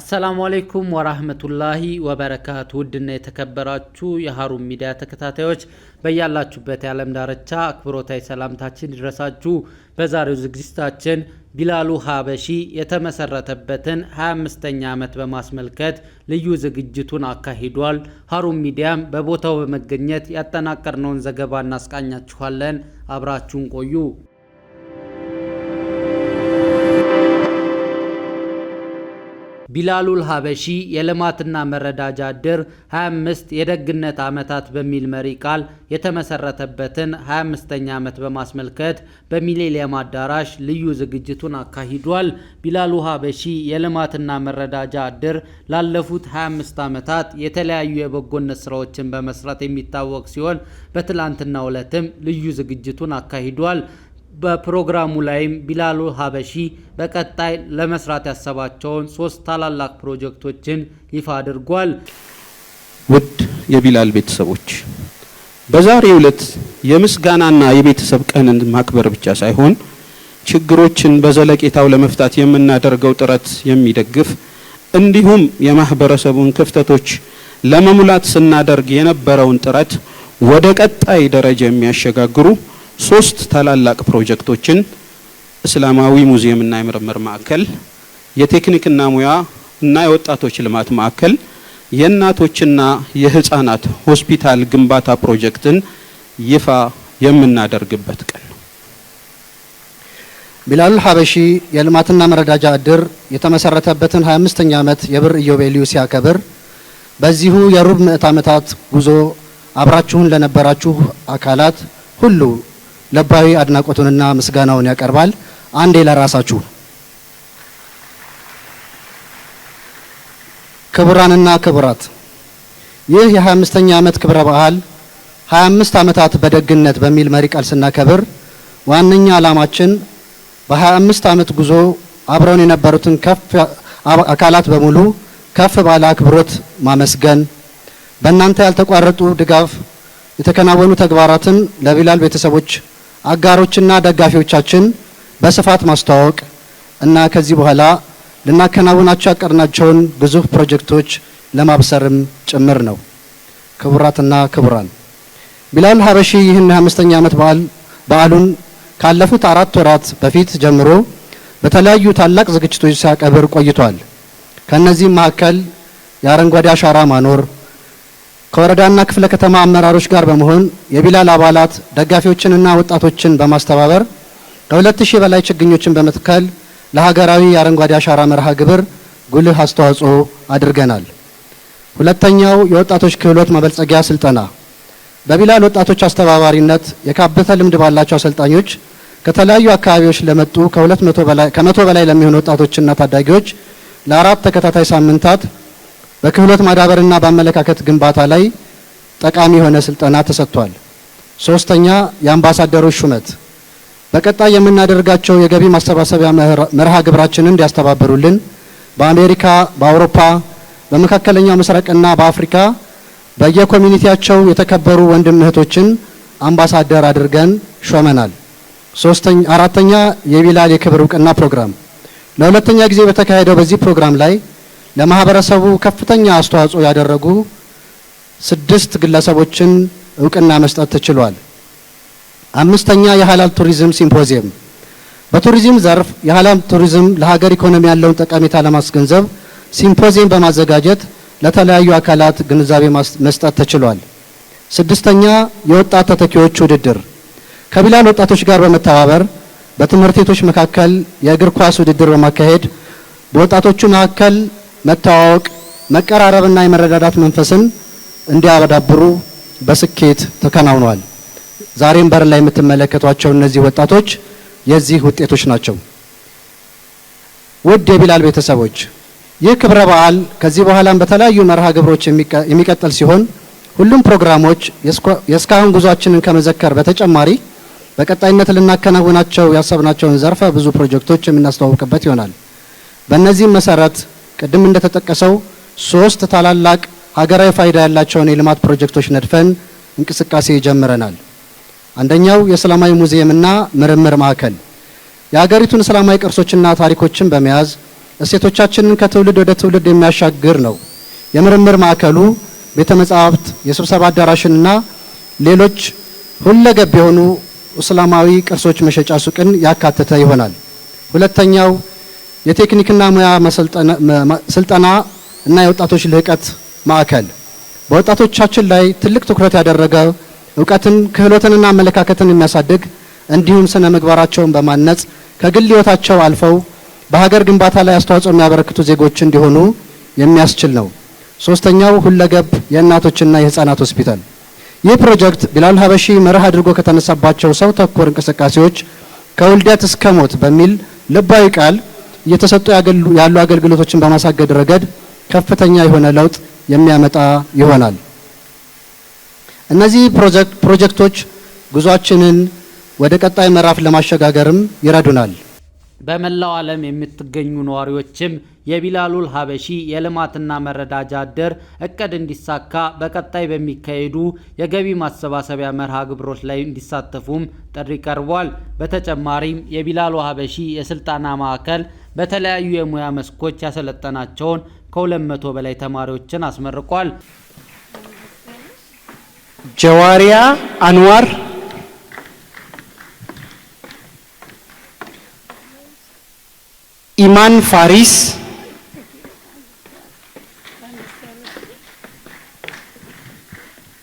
አሰላሙ አሌይኩም ወራህመቱላሂ ወበረካቱ። ውድና የተከበራችሁ የሀሩን ሚዲያ ተከታታዮች በያላችሁበት የዓለም ዳርቻ አክብሮታዊ ሰላምታችን ይድረሳችሁ። በዛሬው ዝግጅታችን ቢላሉ ሀበሺ የተመሰረተበትን 25ኛ ዓመት በማስመልከት ልዩ ዝግጅቱን አካሂዷል። ሀሩን ሚዲያም በቦታው በመገኘት ያጠናቀርነውን ዘገባ እናስቃኛችኋለን። አብራችሁን ቆዩ። ቢላሉል ሀበሺ የልማትና መረዳጃ ድር 25 የደግነት ዓመታት በሚል መሪ ቃል የተመሰረተበትን 25ኛ ዓመት በማስመልከት በሚሌኒየም አዳራሽ ልዩ ዝግጅቱን አካሂዷል። ቢላሉ ሀበሺ የልማትና መረዳጃ ድር ላለፉት 25 ዓመታት የተለያዩ የበጎነት ስራዎችን በመስራት የሚታወቅ ሲሆን በትላንትናው ዕለትም ልዩ ዝግጅቱን አካሂዷል። በፕሮግራሙ ላይም ቢላሉ ሀበሺ በቀጣይ ለመስራት ያሰባቸውን ሶስት ታላላቅ ፕሮጀክቶችን ይፋ አድርጓል። ውድ የቢላል ቤተሰቦች በዛሬው ዕለት የምስጋናና የቤተሰብ ቀንን ማክበር ብቻ ሳይሆን ችግሮችን በዘለቄታው ለመፍታት የምናደርገው ጥረት የሚደግፍ እንዲሁም የማህበረሰቡን ክፍተቶች ለመሙላት ስናደርግ የነበረውን ጥረት ወደ ቀጣይ ደረጃ የሚያሸጋግሩ ሶስት ታላላቅ ፕሮጀክቶችን እስላማዊ ሙዚየምና የምርምር ማዕከል፣ የቴክኒክና ሙያ እና የወጣቶች ልማት ማዕከል፣ የእናቶችና የህፃናት ሆስፒታል ግንባታ ፕሮጀክትን ይፋ የምናደርግበት ቀን ነው። ቢላሉል ሀበሺ የልማትና መረዳጃ እድር የተመሰረተበትን 25ኛ ዓመት የብር ኢዮቤልዩ ሲያከብር በዚሁ የሩብ ምዕት ዓመታት ጉዞ አብራችሁን ለነበራችሁ አካላት ሁሉ ለባዊ አድናቆቱንና ምስጋናውን ያቀርባል። አንዴ ለራሳችሁ ክቡራንና ክቡራት፣ ይህ የ25ኛ ዓመት ክብረ በዓል 25 ዓመታት በደግነት በሚል መሪ ቃል ስናከብር ዋነኛ ዓላማችን በ25 ዓመት ጉዞ አብረውን የነበሩትን አካላት በሙሉ ከፍ ባለ አክብሮት ማመስገን፣ በእናንተ ያልተቋረጡ ድጋፍ የተከናወኑ ተግባራትን ለቢላል ቤተሰቦች አጋሮችና ደጋፊዎቻችን በስፋት ማስተዋወቅ እና ከዚህ በኋላ ልናከናውናቸው ያቀድናቸውን ግዙፍ ፕሮጀክቶች ለማብሰርም ጭምር ነው። ክቡራትና ክቡራን ቢላል ሀበሺ ይህን አምስተኛ ኛ ዓመት በዓል በዓሉን ካለፉት አራት ወራት በፊት ጀምሮ በተለያዩ ታላቅ ዝግጅቶች ሲያቀብር ቆይቷል። ከእነዚህም መካከል የአረንጓዴ አሻራ ማኖር ከወረዳና ክፍለ ከተማ አመራሮች ጋር በመሆን የቢላል አባላት ደጋፊዎችንና ወጣቶችን በማስተባበር ከሁለት ሺህ በላይ ችግኞችን በመትከል ለሀገራዊ የአረንጓዴ አሻራ መርሃ ግብር ጉልህ አስተዋጽኦ አድርገናል። ሁለተኛው የወጣቶች ክህሎት ማበልጸጊያ ስልጠና በቢላል ወጣቶች አስተባባሪነት የካበተ ልምድ ባላቸው አሰልጣኞች ከተለያዩ አካባቢዎች ለመጡ ከመቶ በላይ ለሚሆኑ ወጣቶችና ታዳጊዎች ለአራት ተከታታይ ሳምንታት በክህሎት ማዳበርና በአመለካከት ግንባታ ላይ ጠቃሚ የሆነ ስልጠና ተሰጥቷል። ሶስተኛ የአምባሳደሮች ሹመት በቀጣይ የምናደርጋቸው የገቢ ማሰባሰቢያ መርሃ ግብራችንን እንዲያስተባብሩልን በአሜሪካ፣ በአውሮፓ፣ በመካከለኛው ምስራቅና በአፍሪካ በየኮሚኒቲያቸው የተከበሩ ወንድም እህቶችን አምባሳደር አድርገን ሾመናል። አራተኛ የቢላል የክብር እውቅና ፕሮግራም ለሁለተኛ ጊዜ በተካሄደው በዚህ ፕሮግራም ላይ ለማህበረሰቡ ከፍተኛ አስተዋጽኦ ያደረጉ ስድስት ግለሰቦችን እውቅና መስጠት ተችሏል። አምስተኛ የሀላል ቱሪዝም ሲምፖዚየም በቱሪዝም ዘርፍ የሀላል ቱሪዝም ለሀገር ኢኮኖሚ ያለውን ጠቀሜታ ለማስገንዘብ ሲምፖዚየም በማዘጋጀት ለተለያዩ አካላት ግንዛቤ መስጠት ተችሏል። ስድስተኛ የወጣት ተተኪዎች ውድድር ከቢላል ወጣቶች ጋር በመተባበር በትምህርት ቤቶች መካከል የእግር ኳስ ውድድር በማካሄድ በወጣቶቹ መካከል መተዋወቅ፣ መቀራረብና የመረዳዳት መንፈስን እንዲያዳብሩ በስኬት ተከናውኗል። ዛሬም በር ላይ የምትመለከቷቸው እነዚህ ወጣቶች የዚህ ውጤቶች ናቸው። ውድ የቢላል ቤተሰቦች ይህ ክብረ በዓል ከዚህ በኋላም በተለያዩ መርሃ ግብሮች የሚቀጥል ሲሆን ሁሉም ፕሮግራሞች የእስካሁን ጉዟችንን ከመዘከር በተጨማሪ በቀጣይነት ልናከናውናቸው ያሰብናቸውን ዘርፈ ብዙ ፕሮጀክቶች የምናስተዋውቅበት ይሆናል። በእነዚህም መሰረት ቅድም እንደተጠቀሰው ሶስት ታላላቅ ሀገራዊ ፋይዳ ያላቸውን የልማት ፕሮጀክቶች ነድፈን እንቅስቃሴ ጀምረናል። አንደኛው የሰላማዊ ሙዚየምና ምርምር ማዕከል የሀገሪቱን ሰላማዊ ቅርሶችና ታሪኮችን በመያዝ እሴቶቻችንን ከትውልድ ወደ ትውልድ የሚያሻግር ነው። የምርምር ማዕከሉ ቤተ መጻሕፍት፣ የስብሰባ አዳራሽንና ሌሎች ሁለገብ የሆኑ እስላማዊ ቅርሶች መሸጫ ሱቅን ያካተተ ይሆናል። ሁለተኛው የቴክኒክና ሙያ ስልጠና እና የወጣቶች ልህቀት ማዕከል በወጣቶቻችን ላይ ትልቅ ትኩረት ያደረገ እውቀትን ክህሎትንና አመለካከትን የሚያሳድግ እንዲሁም ስነ ምግባራቸውን በማነጽ ከግል ህይወታቸው አልፈው በሀገር ግንባታ ላይ አስተዋጽኦ የሚያበረክቱ ዜጎች እንዲሆኑ የሚያስችል ነው። ሶስተኛው ሁለገብ የእናቶችና የህፃናት ሆስፒታል ይህ ፕሮጀክት ቢላል ሀበሺ መርህ አድርጎ ከተነሳባቸው ሰው ተኮር እንቅስቃሴዎች ከውልደት እስከ ሞት በሚል ልባዊ ቃል እየተሰጡ ያሉ አገልግሎቶችን በማሳገድ ረገድ ከፍተኛ የሆነ ለውጥ የሚያመጣ ይሆናል። እነዚህ ፕሮጀክቶች ጉዟችንን ወደ ቀጣይ ምዕራፍ ለማሸጋገርም ይረዱናል። በመላው ዓለም የምትገኙ ነዋሪዎችም የቢላሉል ሀበሺ የልማትና መረዳጃ እድር እቅድ እንዲሳካ በቀጣይ በሚካሄዱ የገቢ ማሰባሰቢያ መርሃ ግብሮች ላይ እንዲሳተፉም ጥሪ ቀርቧል። በተጨማሪም የቢላሉ ሀበሺ የስልጠና ማዕከል በተለያዩ የሙያ መስኮች ያሰለጠናቸውን ከ መቶ በላይ ተማሪዎችን አስመርቋል። ጀዋሪያ አንዋር ኢማን ፋሪስ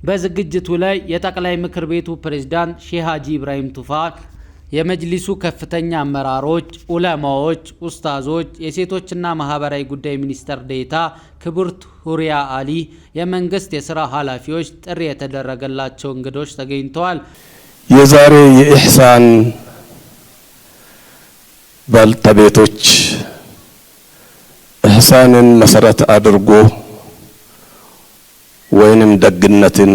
በዝግጅቱ ላይ የጠቅላይ ምክር ቤቱ ፕሬዝዳንት ሼህ ሀጂ ኢብራሂም ቱፋ የመጅሊሱ ከፍተኛ አመራሮች፣ ዑለማዎች፣ ኡስታዞች፣ የሴቶችና ማህበራዊ ጉዳይ ሚኒስተር ዴታ ክብርት ሁሪያ አሊ፣ የመንግስት የስራ ኃላፊዎች፣ ጥሪ የተደረገላቸው እንግዶች ተገኝተዋል። የዛሬ የኢሕሳን ባልተቤቶች ኢሕሳንን መሰረት አድርጎ ወይንም ደግነትን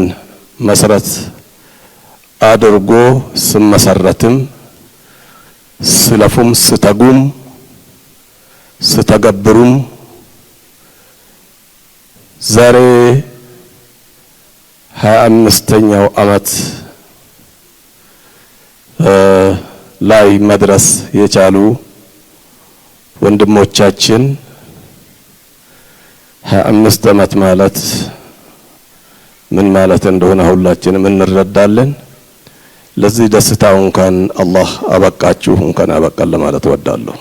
መሰረት አድርጎ ስመሰረትም ስለፉም ስተጉም ስተገብሩም ዛሬ ሀያ አምስተኛው ዓመት ላይ መድረስ የቻሉ ወንድሞቻችን ሀያ አምስት አመት ማለት ምን ማለት እንደሆነ ሁላችንም እንረዳለን። ለዚህ ደስታው እንኳን አላህ አበቃችሁ እንኳን አበቃን ለማለት እወዳለሁ።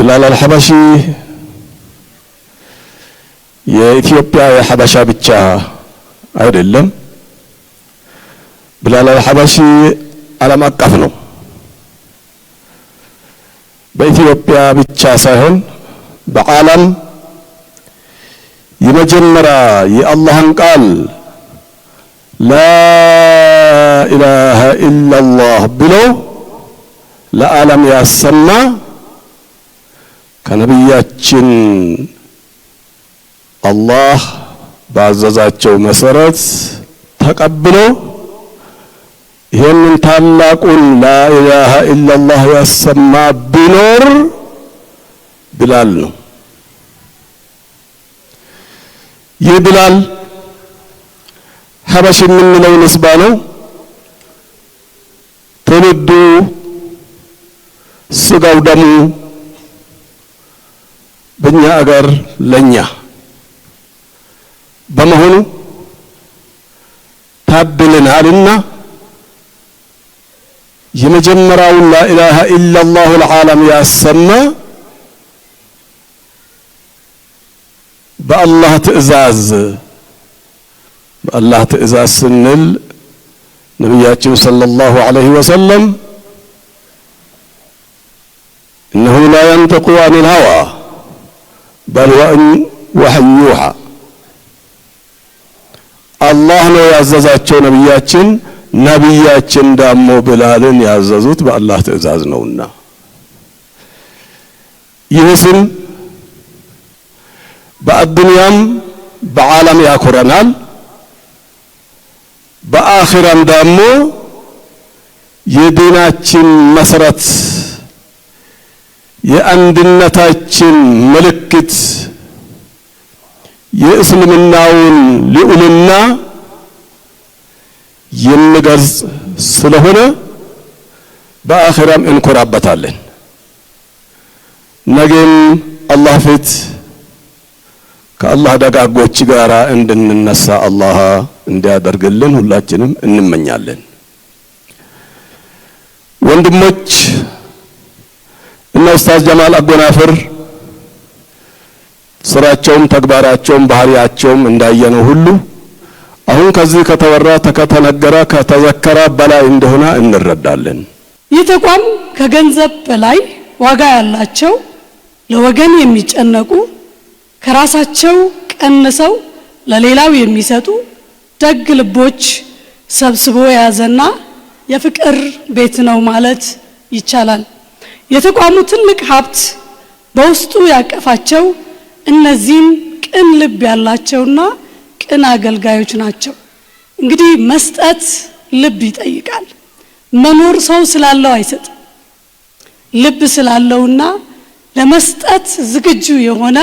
ብላል አልሐበሺ የኢትዮጵያ የሐበሻ ብቻ አይደለም። ብላል አልሐበሺ ዓለም አቀፍ ነው። በኢትዮጵያ ብቻ ሳይሆን በዓለም የመጀመሪያ የአላህን ቃል ላኢላሃ ኢላላህ ብሎ ለዓለም ያሰማ ከነቢያችን አላህ ባዘዛቸው መሰረት ተቀብሎ ይህንን ታላቁን ላኢላሃ ኢላላህ ያሰማ ቢኖር ብላል ነው። ይህ ቢላል ሀበሽ የምንለው ንስባ ነው። ትውልዱ ስጋው ደሙ በእኛ አገር ለኛ በመሆኑ ታብልናልና የመጀመሪያውን ላኢላሃ ኢላላሁ ልዓለም ያሰማ በአላህ ትእዛዝ በአላህ ትእዛዝ ስንል ነቢያችን ሰለላሁ ዐለይሂ ወሰለም እነሁ ላ የንጠቁ አን ልሀዋ በል ወእን ወሐይ ዩሓ አላህ ነው ያዘዛቸው ነቢያችን ነቢያችን ዳሞ ብላልን ያዘዙት በአላህ ትእዛዝ ነውና ይህ ስም በአዱንያም በዓለም ያኮረናል፣ በአኺራም ደግሞ የዲናችን መሰረት የአንድነታችን ምልክት የእስልምናውን ልዑልና የሚገልጽ ስለሆነ በአኺራም እንኮራበታለን። ነገም አላህ ፊት ከአላህ ደጋጎች ጋር እንድንነሳ አላህ እንዲያደርግልን ሁላችንም እንመኛለን። ወንድሞች እና ኡስታዝ ጀማል አጎናፍር ስራቸውም ተግባራቸውም ባህሪያቸውም እንዳየነው ሁሉ አሁን ከዚህ ከተወራ ከተነገረ ከተዘከረ በላይ እንደሆነ እንረዳለን። ይህ ተቋም ከገንዘብ በላይ ዋጋ ያላቸው ለወገን የሚጨነቁ ከራሳቸው ቀንሰው ለሌላው የሚሰጡ ደግ ልቦች ሰብስቦ የያዘና የፍቅር ቤት ነው ማለት ይቻላል። የተቋሙ ትልቅ ሀብት በውስጡ ያቀፋቸው እነዚህም ቅን ልብ ያላቸውና ቅን አገልጋዮች ናቸው። እንግዲህ መስጠት ልብ ይጠይቃል። መኖር ሰው ስላለው አይሰጥም። ልብ ስላለውና ለመስጠት ዝግጁ የሆነ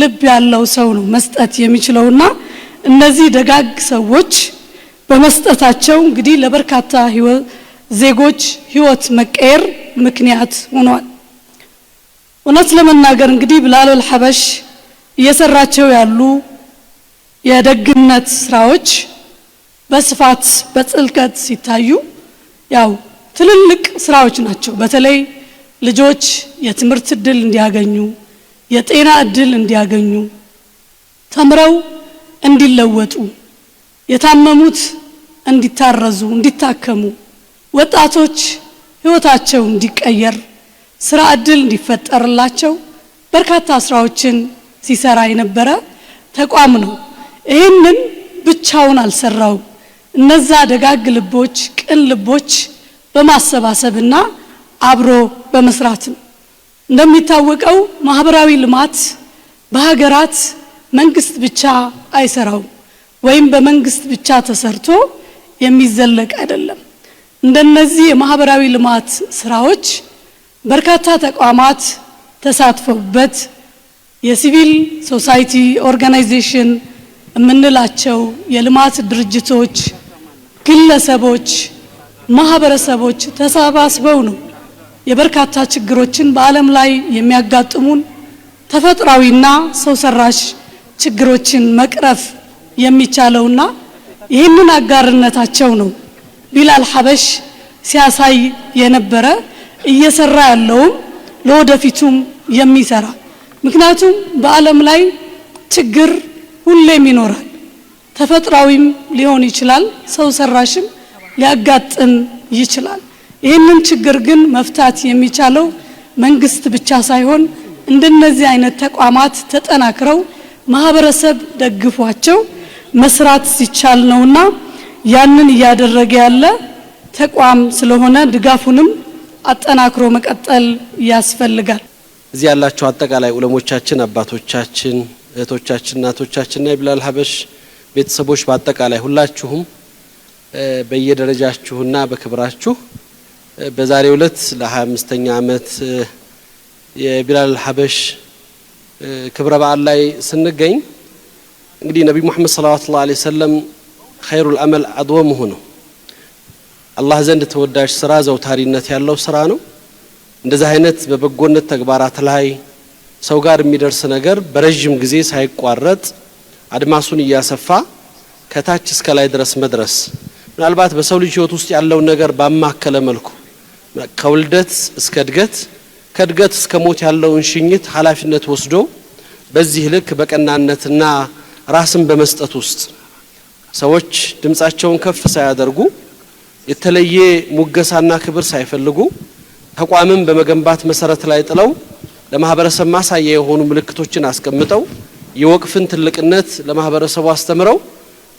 ልብ ያለው ሰው ነው መስጠት የሚችለውና እነዚህ ደጋግ ሰዎች በመስጠታቸው እንግዲህ ለበርካታ ዜጎች ህይወት መቀየር ምክንያት ሆኗል። እውነት ለመናገር እንግዲህ ብላሉል ሐበሽ እየሰራቸው ያሉ የደግነት ስራዎች በስፋት በጥልቀት ሲታዩ ያው ትልልቅ ስራዎች ናቸው። በተለይ ልጆች የትምህርት እድል እንዲያገኙ የጤና እድል እንዲያገኙ፣ ተምረው እንዲለወጡ፣ የታመሙት እንዲታረዙ፣ እንዲታከሙ፣ ወጣቶች ህይወታቸው እንዲቀየር፣ ስራ እድል እንዲፈጠርላቸው በርካታ ስራዎችን ሲሰራ የነበረ ተቋም ነው። ይህንን ብቻውን አልሰራውም። እነዛ ደጋግ ልቦች፣ ቅን ልቦች በማሰባሰብና አብሮ በመስራት ነው። እንደሚታወቀው ማህበራዊ ልማት በሀገራት መንግስት ብቻ አይሰራው ወይም በመንግስት ብቻ ተሰርቶ የሚዘለቅ አይደለም። እንደነዚህ የማህበራዊ ልማት ስራዎች በርካታ ተቋማት ተሳትፈውበት የሲቪል ሶሳይቲ ኦርጋናይዜሽን የምንላቸው የልማት ድርጅቶች፣ ግለሰቦች፣ ማህበረሰቦች ተሰባስበው ነው የበርካታ ችግሮችን በዓለም ላይ የሚያጋጥሙን ተፈጥሯዊና ሰው ሰራሽ ችግሮችን መቅረፍ የሚቻለውና ይህንን አጋርነታቸው ነው ቢላል ሀበሽ ሲያሳይ የነበረ እየሰራ ያለውም ለወደፊቱም የሚሰራ ምክንያቱም በዓለም ላይ ችግር ሁሌም ይኖራል። ተፈጥሯዊም ሊሆን ይችላል፣ ሰው ሰራሽም ሊያጋጥም ይችላል። ይህንን ችግር ግን መፍታት የሚቻለው መንግስት ብቻ ሳይሆን እንደነዚህ አይነት ተቋማት ተጠናክረው ማህበረሰብ ደግፏቸው መስራት ሲቻል ነውና ያንን እያደረገ ያለ ተቋም ስለሆነ ድጋፉንም አጠናክሮ መቀጠል ያስፈልጋል። እዚህ ያላቸው አጠቃላይ ዑለሞቻችን፣ አባቶቻችን፣ እህቶቻችን፣ እናቶቻችንና የቢላል ሀበሽ ቤተሰቦች በአጠቃላይ ሁላችሁም በየደረጃችሁና በክብራችሁ በዛሬው ዕለት ለ25ኛ ዓመት የቢላል ሀበሽ ክብረ በዓል ላይ ስንገኝ እንግዲህ ነቢይ ሙሐመድ ሰለላሁ ዐለይሂ ወሰለም ኸይሩል አመል አድወምሁ ነው። አላህ ዘንድ ተወዳጅ ስራ ዘውታሪነት ያለው ስራ ነው። እንደዚህ አይነት በበጎነት ተግባራት ላይ ሰው ጋር የሚደርስ ነገር በረዥም ጊዜ ሳይቋረጥ አድማሱን እያሰፋ ከታች እስከ ላይ ድረስ መድረስ ምናልባት በሰው ልጅ ህይወት ውስጥ ያለውን ነገር ባማከለ መልኩ ከውልደት እስከ እድገት ከእድገት እስከ ሞት ያለውን ሽኝት ኃላፊነት ወስዶ በዚህ ልክ በቀናነትና ራስን በመስጠት ውስጥ ሰዎች ድምፃቸውን ከፍ ሳያደርጉ የተለየ ሙገሳና ክብር ሳይፈልጉ ተቋምን በመገንባት መሰረት ላይ ጥለው ለማህበረሰብ ማሳያ የሆኑ ምልክቶችን አስቀምጠው የወቅፍን ትልቅነት ለማህበረሰቡ አስተምረው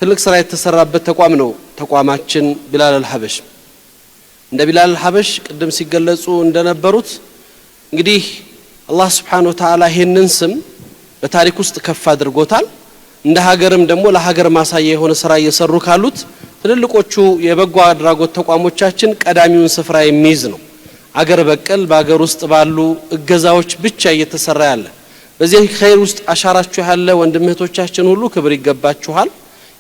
ትልቅ ስራ የተሰራበት ተቋም ነው ተቋማችን ቢላል አልሐበሽ። እንደ ቢላል ሀበሽ ቅድም ሲገለጹ እንደነበሩት እንግዲህ አላህ ስብሓን ወተዓላ ይህንን ስም በታሪክ ውስጥ ከፍ አድርጎታል። እንደ ሀገርም ደግሞ ለሀገር ማሳያ የሆነ ስራ እየሰሩ ካሉት ትልልቆቹ የበጎ አድራጎት ተቋሞቻችን ቀዳሚውን ስፍራ የሚይዝ ነው። አገር በቀል በአገር ውስጥ ባሉ እገዛዎች ብቻ እየተሰራ ያለ በዚህ ኸይር ውስጥ አሻራችሁ ያለ ወንድምህቶቻችን ሁሉ ክብር ይገባችኋል።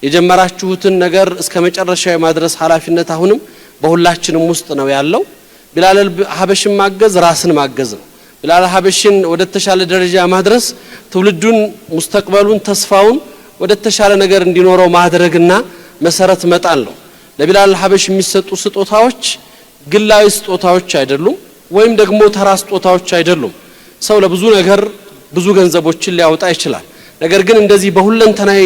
የጀመራችሁትን ነገር እስከ መጨረሻው የማድረስ ኃላፊነት አሁንም በሁላችንም ውስጥ ነው ያለው። ቢላል ሀበሽን ማገዝ ራስን ማገዝ ነው። ቢላል ሀበሽን ወደ ተሻለ ደረጃ ማድረስ ትውልዱን፣ ሙስተቅበሉን፣ ተስፋውን ወደ ተሻለ ነገር እንዲኖረው ማድረግና መሰረት መጣል ነው። ለቢላል ሀበሽ የሚሰጡ ስጦታዎች ግላዊ ስጦታዎች አይደሉም፣ ወይም ደግሞ ተራ ስጦታዎች አይደሉም። ሰው ለብዙ ነገር ብዙ ገንዘቦችን ሊያወጣ ይችላል። ነገር ግን እንደዚህ በሁለንተናዊ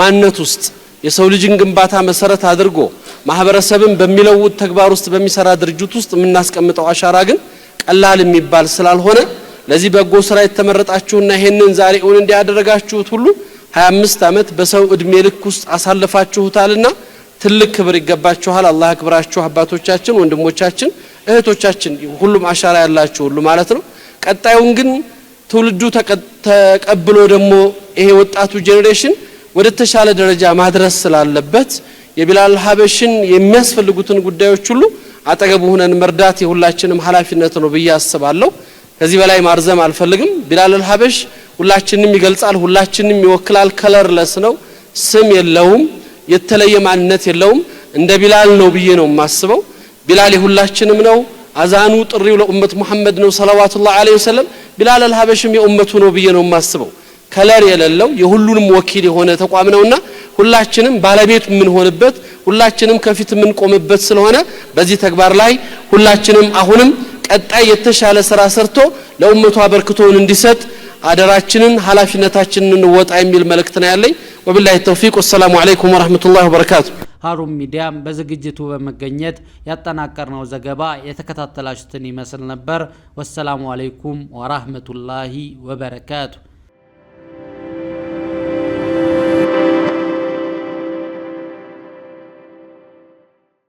ማንነት ውስጥ የሰው ልጅን ግንባታ መሰረት አድርጎ ማህበረሰብን በሚለውጥ ተግባር ውስጥ በሚሰራ ድርጅት ውስጥ የምናስቀምጠው አሻራ ግን ቀላል የሚባል ስላልሆነ ለዚህ በጎ ስራ የተመረጣችሁና ይሄንን ዛሬ እውን እንዲያደረጋችሁት ሁሉ 25 ዓመት በሰው እድሜ ልክ ውስጥ አሳልፋችሁታልና ትልቅ ክብር ይገባችኋል። አላህ ክብራችሁ አባቶቻችን፣ ወንድሞቻችን፣ እህቶቻችን ሁሉም አሻራ ያላችሁ ሁሉ ማለት ነው። ቀጣዩን ግን ትውልዱ ተቀብሎ ደግሞ ይሄ ወጣቱ ጄኔሬሽን ወደ ተሻለ ደረጃ ማድረስ ስላለበት የቢላል ሀበሽን የሚያስፈልጉትን ጉዳዮች ሁሉ አጠገቡ ሆነን መርዳት የሁላችንም ኃላፊነት ነው ብዬ አስባለሁ። ከዚህ በላይ ማርዘም አልፈልግም። ቢላል ሀበሽ ሁላችንም ይገልጻል፣ ሁላችንም ይወክላል። ከለርለስ ነው፣ ስም የለውም፣ የተለየ ማንነት የለውም። እንደ ቢላል ነው ብዬ ነው የማስበው። ቢላል የሁላችንም ነው። አዛኑ ጥሪው ለኡመት ሙሐመድ ነው ሰለዋቱላህ ዐለይሂ ወሰለም። ቢላል አልሀበሽም የኡመቱ ነው ብዬ ነው የማስበው። ከለር የሌለው የሁሉንም ወኪል የሆነ ተቋም ነውና ሁላችንም ባለቤት የምንሆንበት ሁላችንም ከፊት የምንቆምበት ስለሆነ በዚህ ተግባር ላይ ሁላችንም አሁንም ቀጣይ የተሻለ ስራ ሰርቶ ለኡመቱ አበርክቶውን እንዲሰጥ አደራችንን ኃላፊነታችንን እንወጣ የሚል መልእክት ነው ያለኝ። ወቢላሂ ተውፊቅ። ወሰላሙ አለይኩም ወረህመቱላሂ ወበረካቱ። ሀሩን ሚዲያም በዝግጅቱ በመገኘት ያጠናቀርነው ዘገባ የተከታተላችሁትን ይመስል ነበር። ወሰላሙ አለይኩም ወራህመቱላሂ ወበረካቱ።